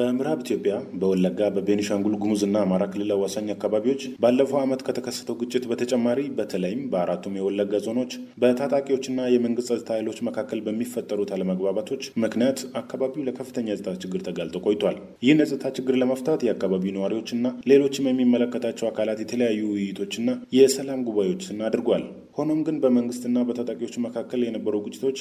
በምዕራብ ኢትዮጵያ በወለጋ በቤኒሻንጉል ጉሙዝ ና አማራ ክልል አዋሳኝ አካባቢዎች ባለፈው ዓመት ከተከሰተው ግጭት በተጨማሪ በተለይም በአራቱም የወለጋ ዞኖች በታጣቂዎችና የመንግስት ጸጥታ ኃይሎች መካከል በሚፈጠሩት አለመግባባቶች ምክንያት አካባቢው ለከፍተኛ የጸጥታ ችግር ተጋልጦ ቆይቷል። ይህን የጸጥታ ችግር ለመፍታት የአካባቢው ነዋሪዎችና ሌሎችም የሚመለከታቸው አካላት የተለያዩ ውይይቶችና የሰላም ጉባኤዎችን አድርጓል። ሆኖም ግን በመንግስትና በታጣቂዎች መካከል የነበሩ ግጭቶች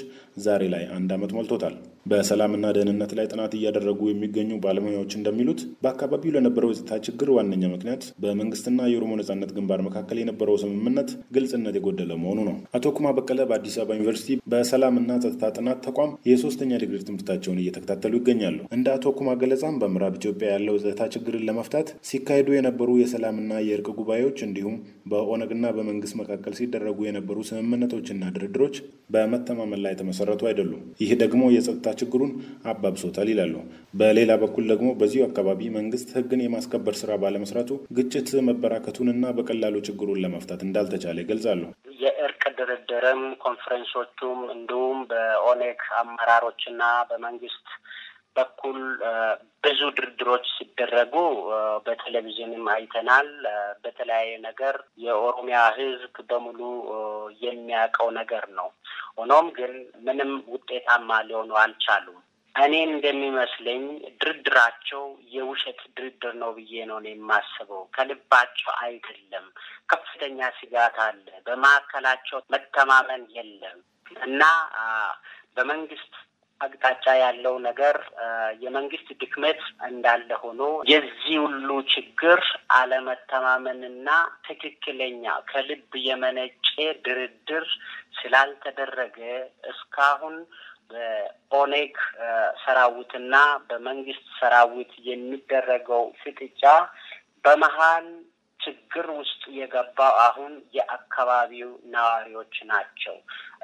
ዛሬ ላይ አንድ ዓመት ሞልቶታል። በሰላምና ደህንነት ላይ ጥናት እያደረጉ የሚገኙ ባለሙያዎች እንደሚሉት በአካባቢው ለነበረው የጸጥታ ችግር ዋነኛ ምክንያት በመንግስትና የኦሮሞ ነጻነት ግንባር መካከል የነበረው ስምምነት ግልጽነት የጎደለ መሆኑ ነው። አቶ ኩማ በቀለ በአዲስ አበባ ዩኒቨርሲቲ በሰላምና ጸጥታ ጥናት ተቋም የሶስተኛ ዲግሪ ትምህርታቸውን እየተከታተሉ ይገኛሉ። እንደ አቶ ኩማ ገለጻም በምዕራብ ኢትዮጵያ ያለው የጸጥታ ችግርን ለመፍታት ሲካሄዱ የነበሩ የሰላምና የእርቅ ጉባኤዎች እንዲሁም በኦነግና በመንግስት መካከል ሲደረጉ የነበሩ ስምምነቶችና ድርድሮች በመተማመን ላይ የተመሰረቱ አይደሉም። ይህ ደግሞ የጸጥታ ችግሩን አባብሶታል ይላሉ። በሌላ በኩል ደግሞ በዚሁ አካባቢ መንግስት ህግን የማስከበር ስራ ባለመስራቱ ግጭት መበራከቱን እና በቀላሉ ችግሩን ለመፍታት እንዳልተቻለ ይገልጻሉ። የእርቅ ድርድርም ኮንፈረንሶቹም እንዲሁም በኦኔግ አመራሮችና በመንግስት በኩል ብዙ ድርድሮች ሲደረጉ በቴሌቪዥንም አይተናል። በተለያየ ነገር የኦሮሚያ ሕዝብ በሙሉ የሚያውቀው ነገር ነው። ሆኖም ግን ምንም ውጤታማ ሊሆኑ አልቻሉም። እኔ እንደሚመስለኝ ድርድራቸው የውሸት ድርድር ነው ብዬ ነው የማስበው። ከልባቸው አይደለም። ከፍተኛ ስጋት አለ። በማዕከላቸው መተማመን የለም እና በመንግስት አቅጣጫ ያለው ነገር የመንግስት ድክመት እንዳለ ሆኖ የዚህ ሁሉ ችግር አለመተማመንና ትክክለኛ ከልብ የመነጨ ድርድር ስላልተደረገ እስካሁን በኦኔግ ሰራዊትና በመንግስት ሰራዊት የሚደረገው ፍጥጫ በመሀል ችግር ውስጥ የገባው አሁን የአካባቢው ነዋሪዎች ናቸው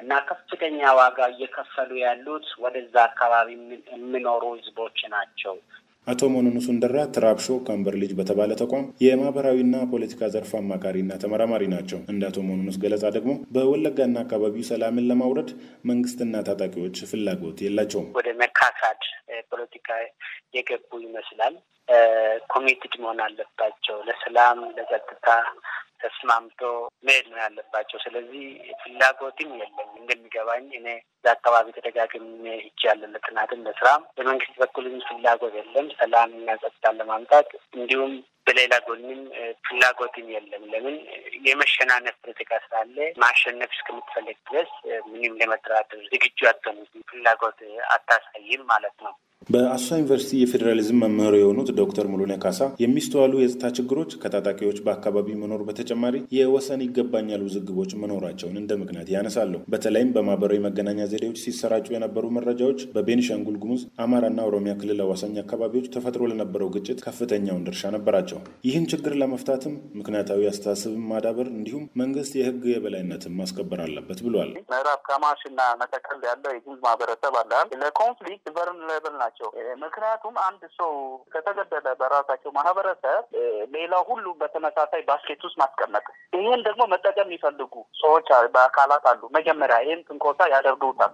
እና ከፍተኛ ዋጋ እየከፈሉ ያሉት ወደዛ አካባቢ የሚኖሩ ህዝቦች ናቸው። አቶ ሞኖኑ ሱንደራ ትራብሾ ካምበር ልጅ በተባለ ተቋም የማህበራዊና ፖለቲካ ዘርፍ አማካሪና ተመራማሪ ናቸው። እንደ አቶ ሞኖኑስ ገለጻ ደግሞ በወለጋና አካባቢው ሰላምን ለማውረድ መንግስትና ታጣቂዎች ፍላጎት የላቸውም። ወደ መካካድ ፖለቲካ የገቡ ይመስላል። ኮሚትድ መሆን አለባቸው። ለሰላም ለጸጥታ ተስማምቶ መሄድ ነው ያለባቸው። ስለዚህ ፍላጎትም የለም እንደሚገባኝ እኔ እዛ አካባቢ ተደጋግሜ ሄጄ ያለ ለጥናትም ለስራም በመንግስት በኩልም ፍላጎት የለም ሰላም እና ጸጥታን ለማምጣት እንዲሁም በሌላ ጎንም ፍላጎትም የለም። ለምን የመሸናነፍ ፖለቲካ ስላለ ማሸነፍ እስከምትፈልግ ድረስ ምንም ለመደራደር ዝግጁ አትሆንም፣ ፍላጎት አታሳይም ማለት ነው። በአሶሳ ዩኒቨርሲቲ የፌዴራሊዝም መምህር የሆኑት ዶክተር ሙሉኔ ካሳ የሚስተዋሉ የጸጥታ ችግሮች ከታጣቂዎች በአካባቢ መኖር በተጨማሪ የወሰን ይገባኛል ውዝግቦች መኖራቸውን እንደ ምክንያት ያነሳለሁ። በተለይም በማህበራዊ መገናኛ ዘዴዎች ሲሰራጩ የነበሩ መረጃዎች በቤኒሻንጉል ጉሙዝ፣ አማራና ኦሮሚያ ክልል አዋሳኝ አካባቢዎች ተፈጥሮ ለነበረው ግጭት ከፍተኛውን ድርሻ ነበራቸው። ይህን ችግር ለመፍታትም ምክንያታዊ አስተሳሰብን ማዳበር እንዲሁም መንግስት የህግ የበላይነትን ማስከበር አለበት ብሏል። ምዕራብ ከማሽና መተከል ያለው የጉሙዝ ማህበረሰብ አለ ለኮንፍሊክት ቨርንለብል ናቸው ናቸው። ምክንያቱም አንድ ሰው ከተገደለ በራሳቸው ማህበረሰብ ሌላ ሁሉ በተመሳሳይ ባስኬት ውስጥ ማስቀመጥ ይህን ደግሞ መጠቀም የሚፈልጉ ሰዎች በአካላት አሉ። መጀመሪያ ይህን ትንኮሳ ያደርጉታል።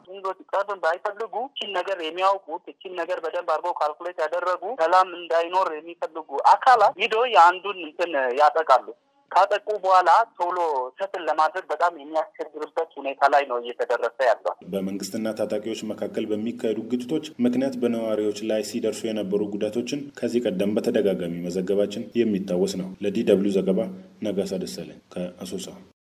ቀብን ባይፈልጉ እቺን ነገር የሚያውቁት እቺን ነገር በደንብ አድርገው ካልኩሌት ያደረጉ ሰላም እንዳይኖር የሚፈልጉ አካላት ሂዶ የአንዱን እንትን ያጠቃሉ። ካጠቁ በኋላ ቶሎ ሰትን ለማድረግ በጣም የሚያስቸግርበት ሁኔታ ላይ ነው እየተደረሰ ያለው። በመንግስትና ታጣቂዎች መካከል በሚካሄዱ ግጭቶች ምክንያት በነዋሪዎች ላይ ሲደርሱ የነበሩ ጉዳቶችን ከዚህ ቀደም በተደጋጋሚ መዘገባችን የሚታወስ ነው። ለዲ ደብልዩ ዘገባ ነጋሳ ደሰለኝ ከአሶሳ